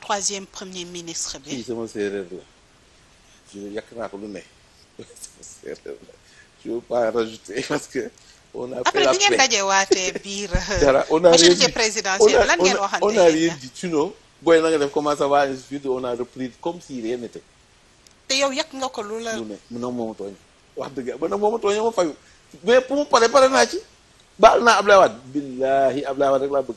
troisième premier ministre bi. sama séeréer la yàq naa ko lu ne sama séeréer la je veux pas parce que. on a fait la paix biir. Euh, dara on a majorité présidentielle tu know booy na nga def comment ça va on a repris comme si rien te yow yàq nga ko lu la. lu ne non moom tooñ wax dëgg ba nag moom tooñoo ma fayu mais pour mu pare pare naa ci baal naa Ablaye Wade billaahi Ablaye Wade rek laa bëgg.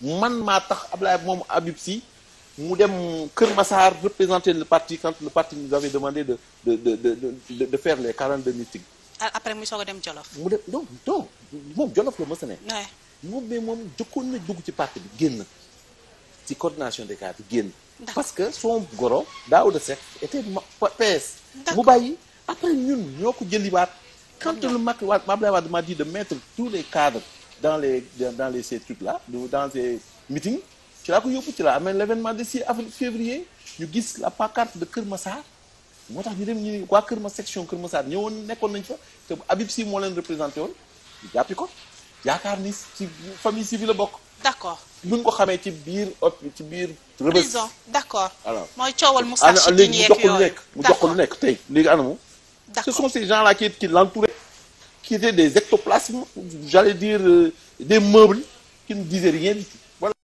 man maa tax ab Ablaye moom Habib si mu dem Kër Massar représenter le parti quand le parti nous avait demandé de de de de de, de faire les 42 ah, après mu soog a dem Jolof. mu dem non non moom Jolof la mës ne. moom mais moom jëkkoon na dugg ci parti bi génn ci coordination des cadres génn. parce que son goro Daouda Seck était PS. mu bàyyi après ñun ñoo ko jëliwaat. quand le Macky Wade Abdoulaye Wade m'a dit de mettre tous les cadres. dans le dans les ces dans ces meetings ci laa ko yóbbu ci laa amee l' événement de 6 avril gis la pancarte de Kër moo tax ñu dem ñu ne waa Kër section Kër Massar nekkoon nañ fa te Habib Sy représenté woon ñu jàppi ko yaakaar ni famille civile bokk. d' accord ci biir op ci biir. rëbës prison d' accord. alors mooy coowal moustache ci ñu yeeg yooyu léegi mu jox ko lu nekk mu jox ko lu nekk tey léegi anamu. d' accord ce sont ces gens là qui qui des ecto place j'allais dire euh, des meubles qui ne disaient rien du tout